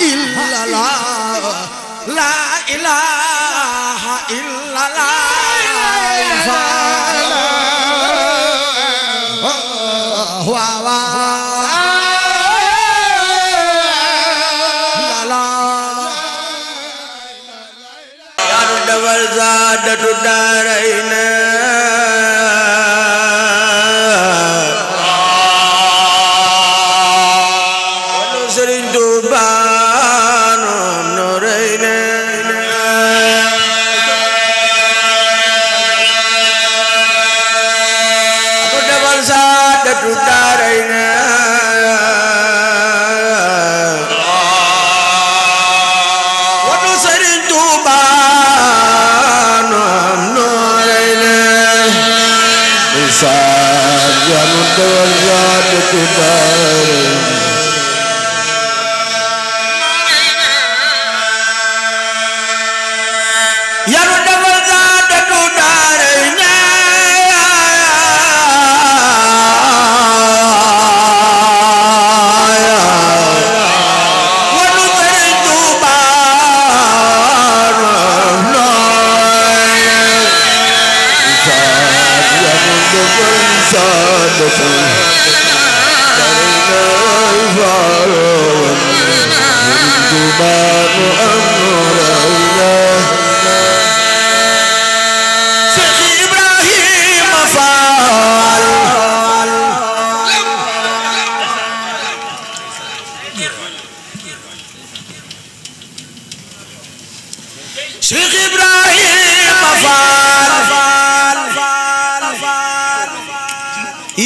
إلا الله لا إله إلا الله زادت دارين والرعد تبارك Cheikh Ibrahima Fall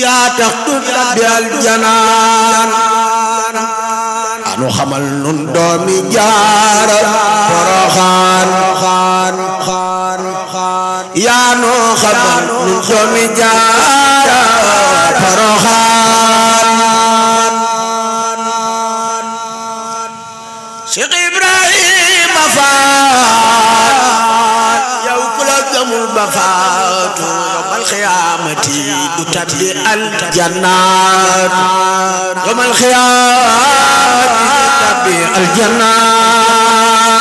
yaa tax tu tabbi aljanaan anu xamal nun doomi jaara Poroxaan yaa nu xamal nun doomi jaara Poroxaan Cheikh Ibrahima Fall تبدي الجنات يوم الخيام تبدي الجنات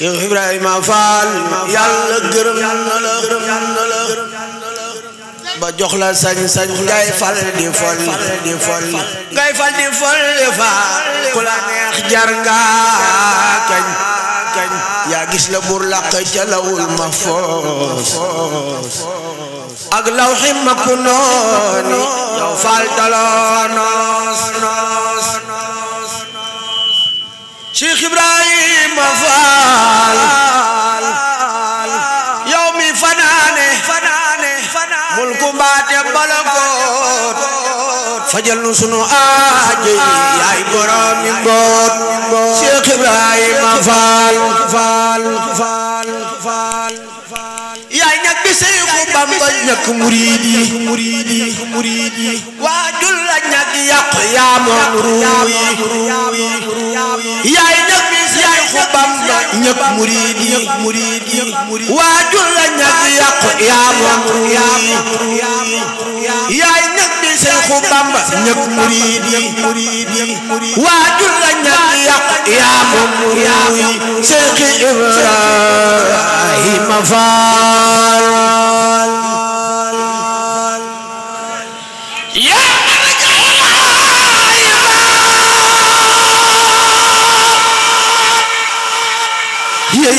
Cheikh Ibrahima Fall yàlla gërëm la ba la sañ la neex jar nga kañ la bur làq ku nooni faal daloo Cheikh Ibrahima Faal yow mi fanaane mulku mbaate balakoot fajal nu sunu aajo yi yaay borom mi mboot Cheikh Ibrahima Faal Faal Faal yaay ñag bi Seexu Bamba ñag murid yi murid yi murid yi waajul la ñag yàq yaa moom ruu yi yaay ñag yaay xubam na ñëpp murid yi murid yi waajur la ñag yàq yaa moom yaay ñag bi seen xubam ba ñëpp murid yi waajur la ñag yàq yaa moom Seex Ibrahima Faal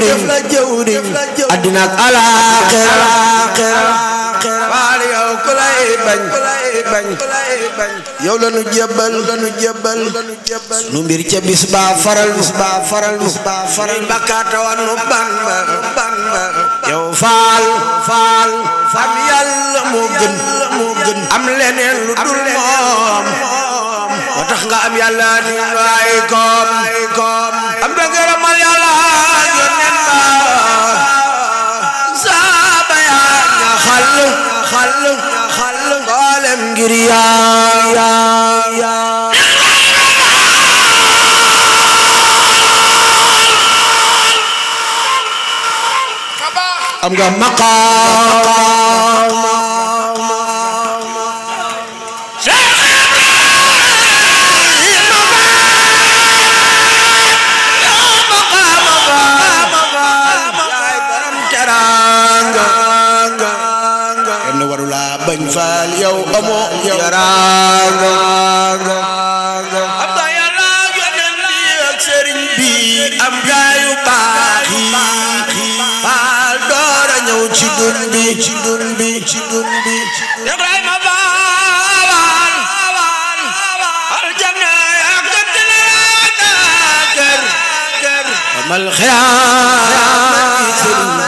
jëwriñ addina ak alaaxira waal yow ku lay bañ bañ yow la nu jébbal la nu jébbal nu mbir ca bis baa faral bis baa faral bis baa faral bakkaata wan nu ban ban yow faal faal am yàlla moo gën moo gën am leneen lu dul moom moo tax nga am yàlla di ay koom am da gërëmal yàlla ആലംഗിരിയാ I'm gonna make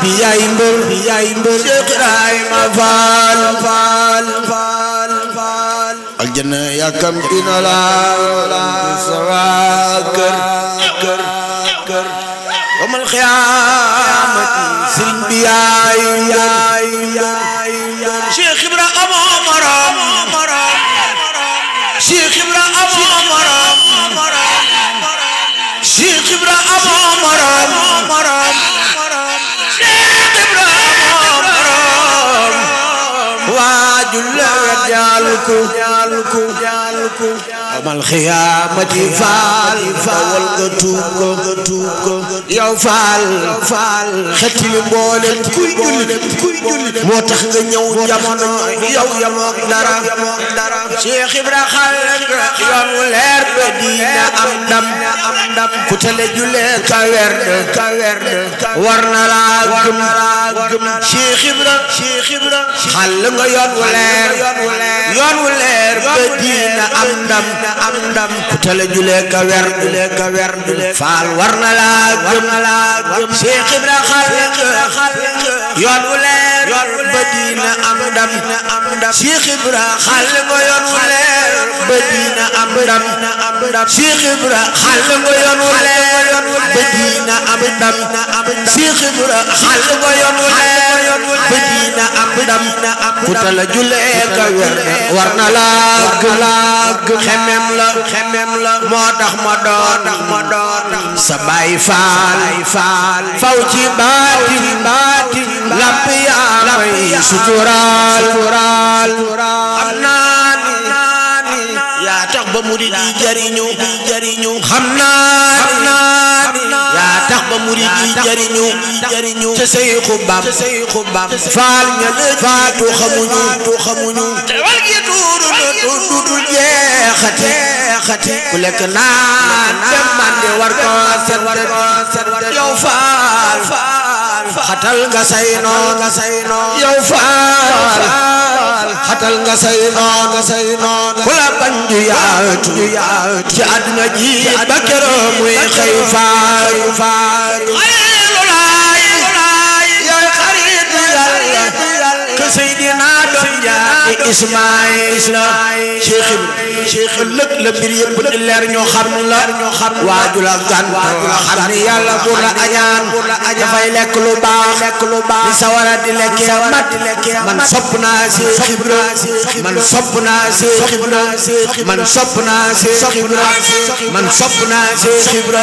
bi yaay mbër bi yaay mbër Cheikh Ibrahima Fall Fall Fall Fall aljana yakam dina la sawa kër kër kër yomal xiyaamati sëriñ bi yaay yaay तुझा yawmal xiyaamati faal dawal nga tuub ko nga tuub ko yow faal faal xetili mboolem kuy jullit kuy jullit moo tax nga ñëw jamono yow yamook dara Cheikh Ibra xal yoon wu leer ba diina am ndam am ndam ku tele julee ka werd ka werd war na laa gëm Cheikh Ibra Cheikh Ibra xal nga yoon wu leer yoon wu leer ba diina am ndam am ndam ku tale julee ka wer julee ka wer faal war na laa gëm Cheikh Ibra xal yoon wu leer yor ba diina am ndam Cheikh Ibra xale nga yor wu leer ba diina am ndam Cheikh Ibra xale nga yor wu leer ba diina am ndam Cheikh Ibra xale nga yor wu leer ba diina am ndam ku tala julee ka wer na war na laa gëm xemem la xemem la moo tax ma doon sa baay faal faw ci baatin baatin suturaal am naa ba mu di di jariñu di xam naa ni tax ba mu di di jariñu di jariñu ca say xubam ca say xubam faal ña ne faatu xamuñu tu xamuñu te wal gi tuuru na tuuru du jeexati jeexati ku lekk naan dem man de war ko set yow xatal nga say noon yow faal xatal nga say noon ku la bañ ju yaatu ci àdduna ji muy xëy faal faal Seydina doon jaay Ismaayil la Cheikh Ibrahima cheikh lëkk la bir yëpp di leer ñoo xam la ñoo xam man sopp si xibra man sopp si xibra man sopp si xibra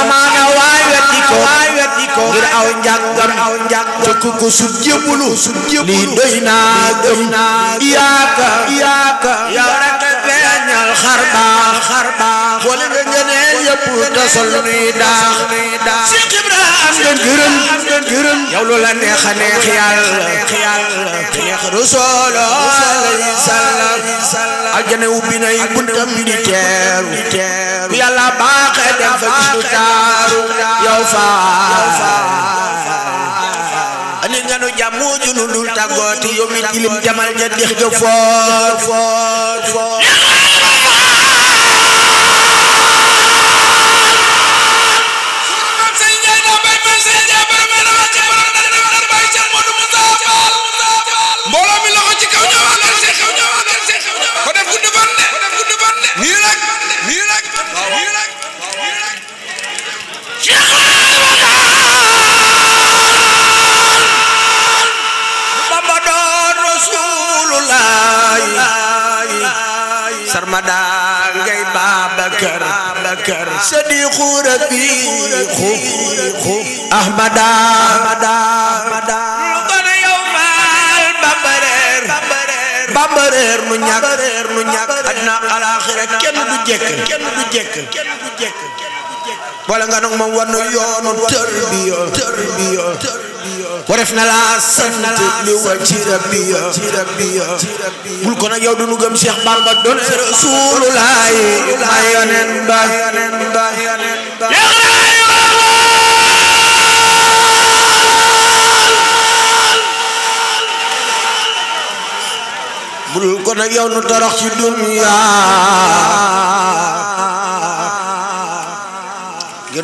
amaana waay weddi ko waay weddi ko ngir aw lii doy naa gëm xar baax xar baax boole neex a neex yàlla neex Rasuulu alayhi salaam aljana ubbi nay buntam teeru ku yàlla baaxee fa gis lu taaru yow faa nu jàmmu junu dul tàggooti yow mi jilim jamal ja dix ja foor foor صديق رفيق أحمد لقنا يوم البمبرير بمبرير نياك نياك أنا على آخرة كم بجك كم بجك كم بجك ولا غنم ما ونو يونو تربية تربية تربية wareef na laa sant li war ci rabbi bul ko nag yow du nu gëm Cheikh Bamba doon Rasulullah ma yonen ba bul ko nag yow nu torox ci dunya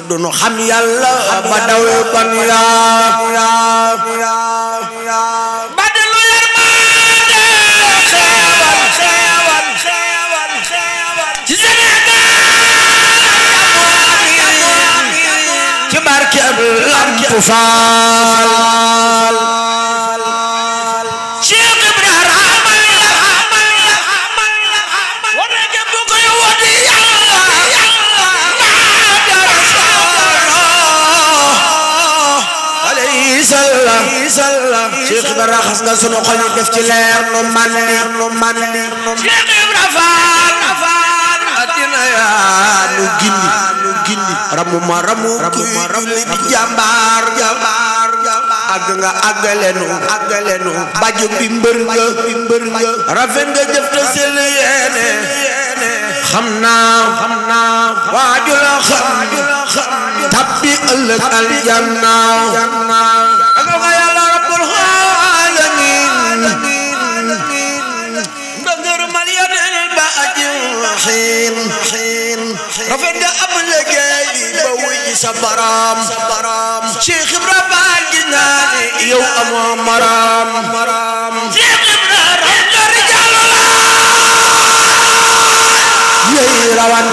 dunu xam yàlla ba daw kon yaa lamp faal Cheikh Ibra rafet nga jëf te sell xam naa xam naa waaju la xam tabbi ëllëg aljanna xiin xiin rafet nga am liggéey ba wuy sa baraam baraam Cheikh Ibra baal gi naane yow amoo maraam maraam Cheikh Ibra raw nga rijaalo la yey rawan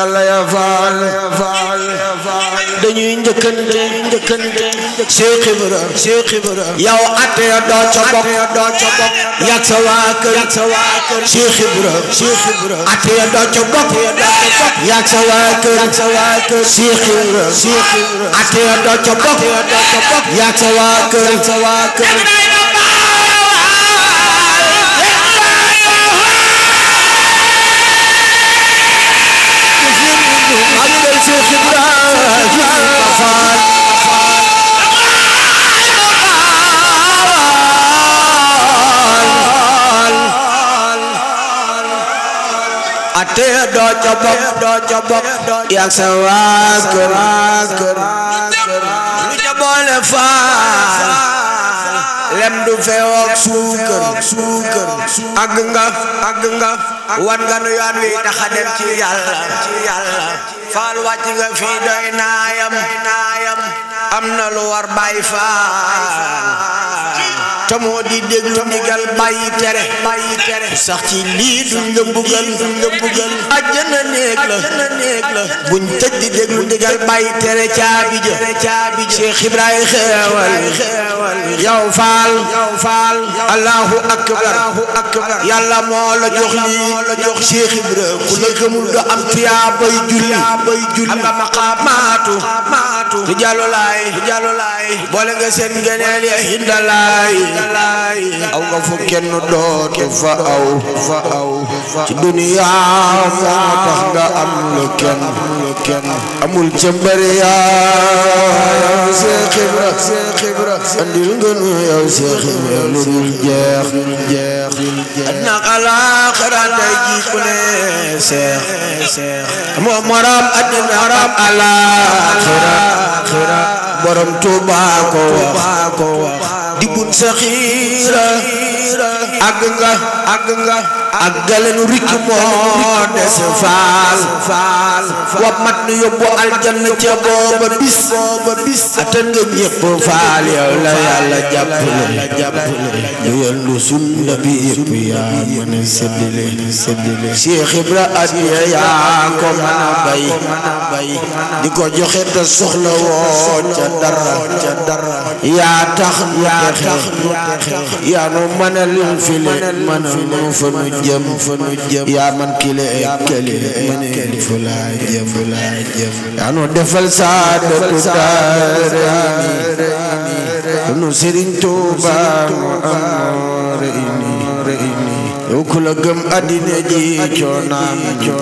yàlla ya faal dañuy njëkkante njëkkante Cheikh Ibra Cheikh Ibra yow atte ya doo ca bokk yàgg sa waa kër yàgg sa waa kër Cheikh Ibra Cheikh Ibra atte ya doo ca bokk yàgg sa waa kër yàgg sa waa kër Cheikh Ibra Cheikh Ibra atte ya doo ca bokk yàgg sa waa kër yàgg sa waa kër dah coba dah coba yang sewa kerak lu coba lepas lem du feok suker suker agenga agenga wan ganu yan wi taxadem ci yalla ci yalla fal wacc nga fi doy naayam naayam amna lu war bay faa te moo di déglu ndigal bàyyi tere bàyyi tere sax ci lii duñ la bugal duñ la bugal àjjana néeg la buñ tëj di déglu ndigal bàyyi tere caabi ja caabi ja Cheikh Ibrahima xeewal yow faal yow faal allahu akbar yàlla moo la jox lii la jox Cheikh Ibrahima ku la gëmul do am tuyaa bay julli bay julli am nga maqaamaatu maatu rijalulaay boole nga seen ngeneel ya hindalaay aw nga fu kenn dootu fa aw fa aw ci duniya moo tax nga am lu kenn kenn amul cëmbëri yaw see xibra see xibra andil nga nu yow see xibra lu dul jeex jeex adna alaaxira day ji ku ne seex moo morom adna morom alaaxira borom Tuubaa ko wax di bun sa xiira àgg nga àgg nga àggale nu rikki moom faal wa mat nu yóbbu aljanna ca booba bis atan nga ñëpp faal yow la yàlla jàppale lu yàlla sunna bi yëpp yaa mën a séddale séddale Cheikh Ibra adiya yaa ko mën a bay di ko joxe te soxla woo ca dara ca tax yaa tax yaa nu mën a lim file mën a nu fa nu jëm fa nu jëm yaa man kile mottali mëneen fu laa jëm fu laa jëm yanu defal saadatu daarayni sunu Sëriñ Tuubaa mu am yow ku la gëm addina ji coonaam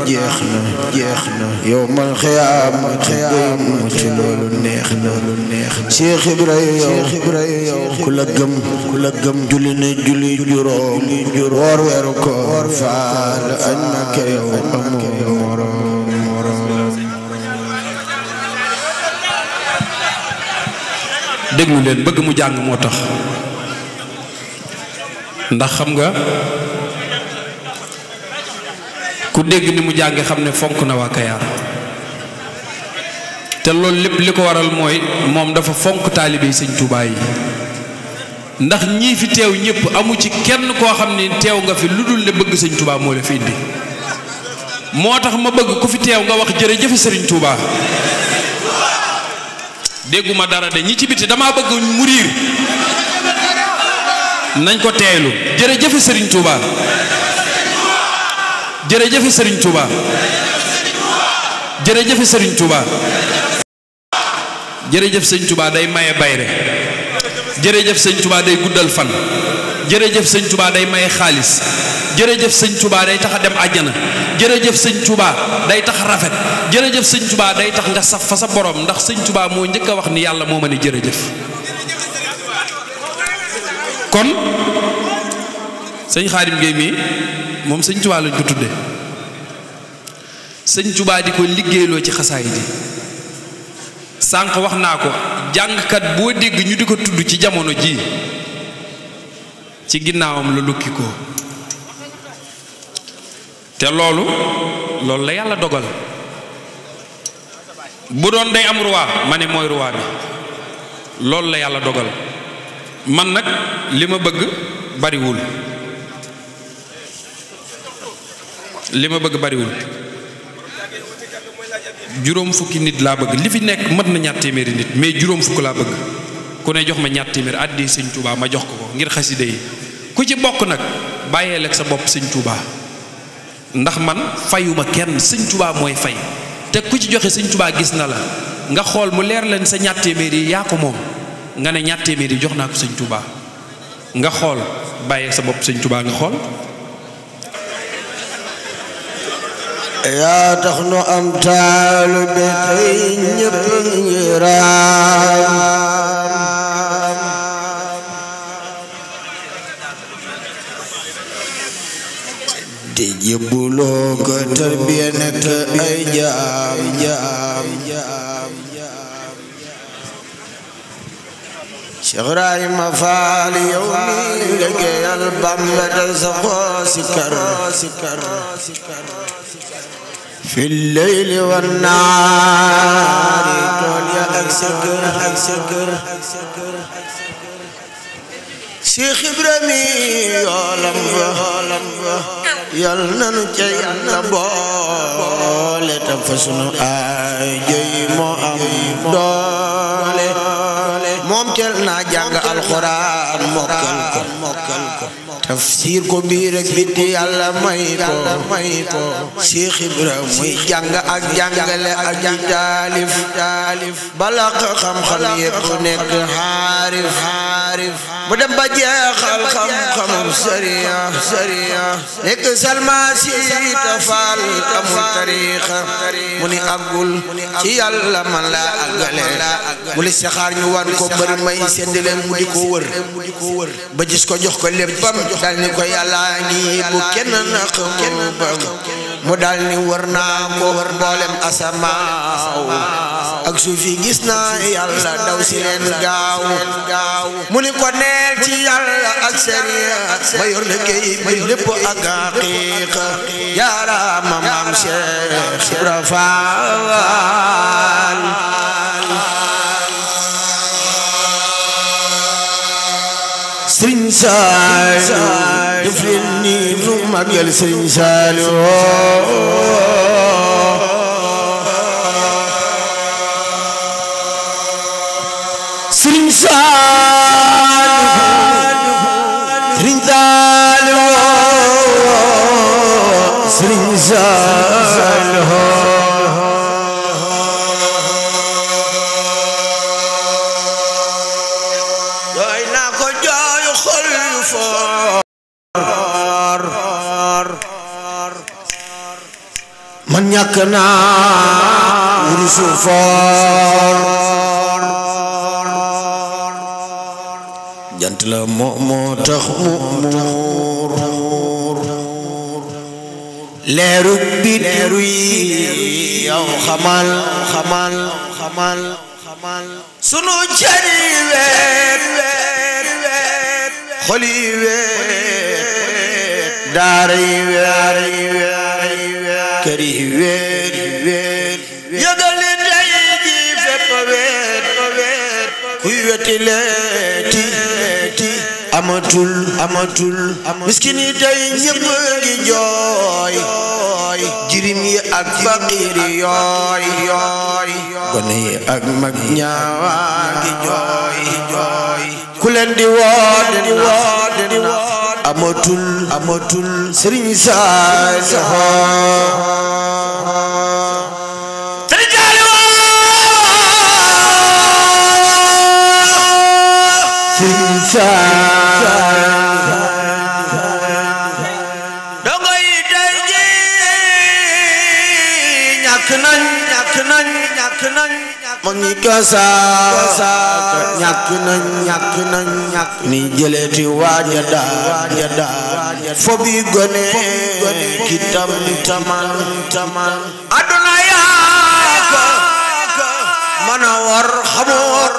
jeex na jeex na yow man xiyaam xiyaam ci loolu neex na lu neex na Cheikh Ibrahima yow ku la gëm julli ne julli juróom woor weeru koor faal añ naka yow amoo moroom déglu bëgg mu jàng moo tax ndax xam nga ku dégg ni mu jànge xam ne fonk na waa Kayaar te loolu lépp li ko waral mooy moom dafa fonk taalibe yi sëñ Tuubaa yi ndax ñii fi teew ñëpp amu ci kenn koo xam ne teew nga fi lu dul ne bëgg sëñ Tuubaa moo la fi indi moo tax ma bëgg ku fi teew nga wax jërëjëf sëriñ Tuubaa dégguma dara de ñi ci biti damaa bëgg mu riir nañ ko teeylu jërëjëf sëriñ Tuubaa jërëjëf Serigne Touba. jërëjëf Serigne Touba. jërëjëf sëñ Touba day maye bayre jërëjëf sëñ Touba day guddal fan jërëjëf sëñ Touba day maye xaalis jërëjëf sëñ Touba day tax a dem àjjana jërëjëf sëñ Touba day tax rafet jërëjëf sëñ tubaa day tax nga saf fa sa borom ndax sëñ tubaa moo njëkk a wax ni yàlla moo ma ne jërëjëf. kon sëñ Xaadim Gueye mii moom sëñ Tuubaa lañ ko tudde sëñ Tuubaa di ko liggéeyloo ci xasaayid yi sànq wax naa ko jàngkat boo dégg ñu di ko tudd ci jamono ji ci ginnaawam la lukki ko te loolu loolu la yàlla dogal bu doon day am ruwaa ma ne mooy ruwaa bi loolu la yàlla dogal man nag li ma bëgg bariwul li ma bëgg bariwul juróom fukki nit laa bëgg li fi nekk mën na ñaar téeméeri nit mais juróom fukk laa bëgg ku ne jox ma ñaar téeméer addi sëñ Touba ma jox ko ko ngir xaside yi ku ci bokk nag bàyyee ak sa bopp sëñ Touba ndax man fayuma kenn sëñ tubaa mooy fay te ku ci joxe sëñ tubaa gis na la nga xool mu leer leen sa ñaar yi yaa ko moom nga ne ñaar yi jox naa ko sëñ Touba nga xool bàyyee sa bopp sëñ Touba nga xool yaa tax nu am taalu be tey ñi raam te شغراي مفال يومي لقي البم رزقو سكر في الليل والنهار تقول يا أكسكر أكسكر شيخ إبراهيم يا لمبا يا نجي يا بولي يا آجي يا teel naa jàng alxuraan mokkal ko tafsir ko biir ak biti yàlla may ko Cheikh Ibra muy jàng ak jàngale ak di taalif balaq xam-xam yépp nekk xaarif mu dem ba jeexal xam-xamam sariya sariya salmaasi tafaal amul tariixa mu ni àggul ci man laa àggale mu li saxaar ñu war ko bari may séddale mu di ko wër ko jox ko léppam dal ni ko yàllaa ngi bu kenn na xamu ba mu dal ni wër naa ko mboolem asamaaw ak suuf yi gis naa yàlla daw si leen gaaw mu ni ko neel ci yàlla ak sariya ma yor liggéey bi lépp ak aqiqa jaaraama maam Cheikh Ibra Faal sëriñ Saaliw def leen nii nu màggal sëriñ Saaliw sëriñ Saaliw naa wursu yow xamal xamal xamal sunu cari weet xoli weet daara yi kari weer weer yëgali day ji fépp weer weer kuy weti leeti ti amatul amatul miskini day ñëpp ngi jooy jirim yi ak faqiir yooy yooy gone yi ak mag ñaawaa ngi jooy jooy ku leen di woo di woo di woo amatul amatul Serigne Saliou Sëriñ Saaliw ni kasaas ñàkk nañ ñàkk nañ ñàkk ni jëleti waaja daan ja daan fo gone ki tam taman taman aduna yaa ko mën a war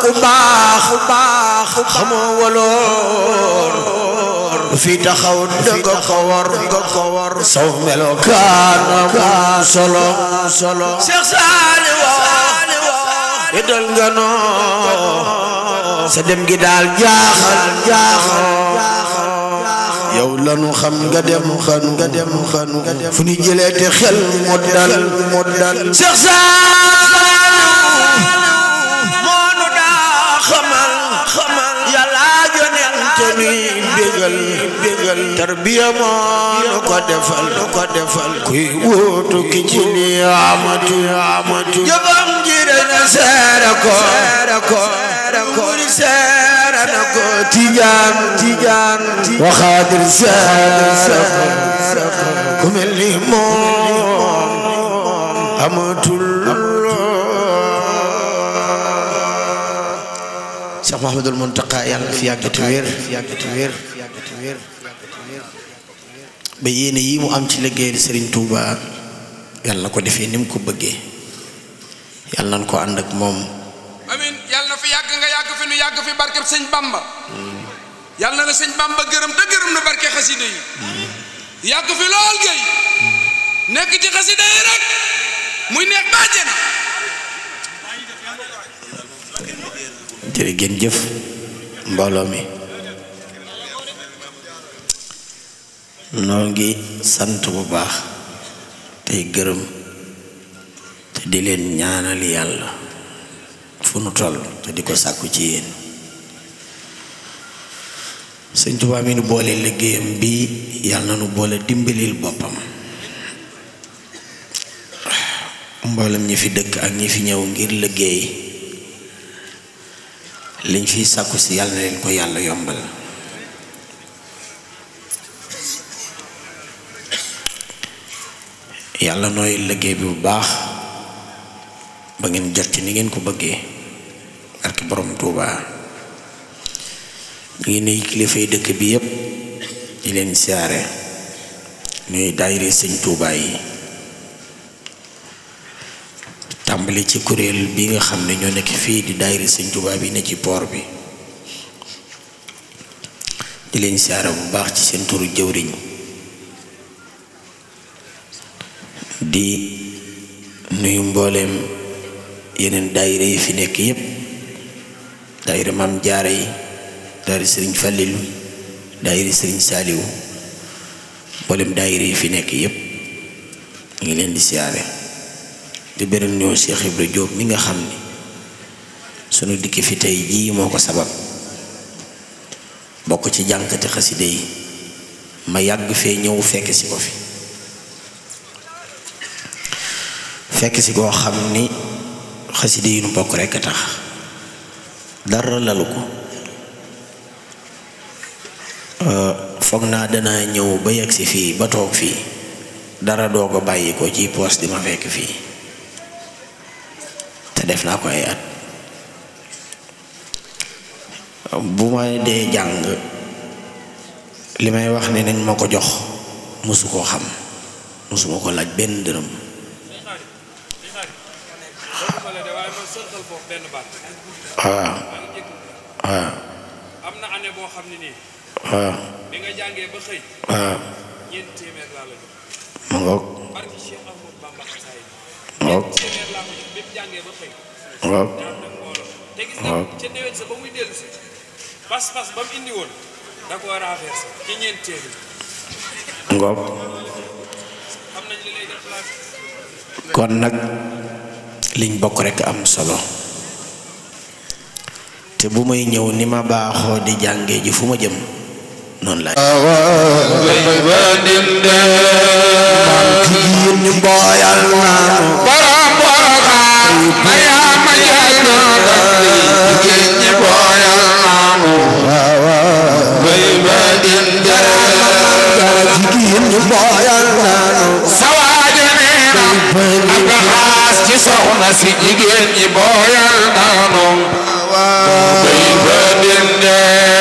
xamoo ku waloor fi taxaw dëgg ko war dëgg ko saw melokaanam solo solo Cheikh yëgal nga noo sa dem gi daal jaaxal jaaxal yow lanu xam nga dem xanu nga dem xanu fu ñu jëlee te xel moo dal moo dal Cheikh Saaliw moo nu daa xamal xamal yàllaa joneen te nuy bégal bégal tarbiya moo nu ko defal nu ko defal kuy wóotu ki ci ni amatu amatu tijaan tijaan waxaadir sax ku mel ni moom amatul Cheikh Mouhamadoul Mountakha yàlla na fi yàgg te wér ba yéene yi mu am ci liggéeyal Serigne Touba yàlla na ko defee ni mu ko bëggee yàlla nañ ko ànd ak moom. amiin yàlla na fi yàgg nga yàgg fi nu yàgg fi barkeb Sëñ Bamba. Yang na la gerem Bamba geureum te geureum na barke khassida yi hmm. yàgg fi lol gay hmm. nek ci khassida yi rek muy nek badjena na jeuf ngeen mi noo sante bu baax te geureum te di len ñaanal yalla fu toll te diko sakku ci yeen sëñ Tuubaa mi nu boole liggéeyam bi yàlla na nu boole dimbalil boppam mboolem ñi fi dëkk ak ñi fi ñëw ngir liggéey liñ fiy sàkku si yàlla na leen ko yàlla yombal yàlla nooy liggéey bi bu baax ba ngeen jot ci ni ngeen ko bëggee barke borom Tuubaa ñu ngi nuyu kilifay dëkk bi yépp di leen siyaare ñuy daayira sëñ Tuubaa yi tàmbali ci kuréel bi nga xam ne ñoo nekk fii di daayira sëñ Tuubaa bi ne ci poor bi di leen siyaare bu baax ci seen turu jëwriñ di nuyu mbooleem yeneen daayira yi fi nekk yépp daayira maam jaare yi daayira sëriñ Fàllilu daayira sëriñ Saaliwu mboolem daayira yi fi nekk yépp ñu ngi leen di siyaare di beral ñoo Cheikh Ibra Diop mi nga xam ni sunu dikk fi tey jii moo ko sabab bokk ci jànkati xaside yi ma yàgg fee ñëw fekk si ko fi fekk si koo xam ni xaside yi nu bokk rekk a tax dara lalu ko Euh, foog naa danaa ñëw ba yegg fii ba toog fii dara doo ko bàyyi ko ci poos di ma fekk fii te def naa ko ay at bu ma dee jàng li may wax ne nañ ma ko jox mësu koo xam mosuma ko laaj benn dërëm waaw waaw waaw waaw mu ngoog ngoog ngoog waaw kon nag liñ bokk rekk am solo te bu may ñëw ni ma baaxoo di jànge ji fu ma jëm noonu la si jigéen ñi booyal naanu bay ba dinde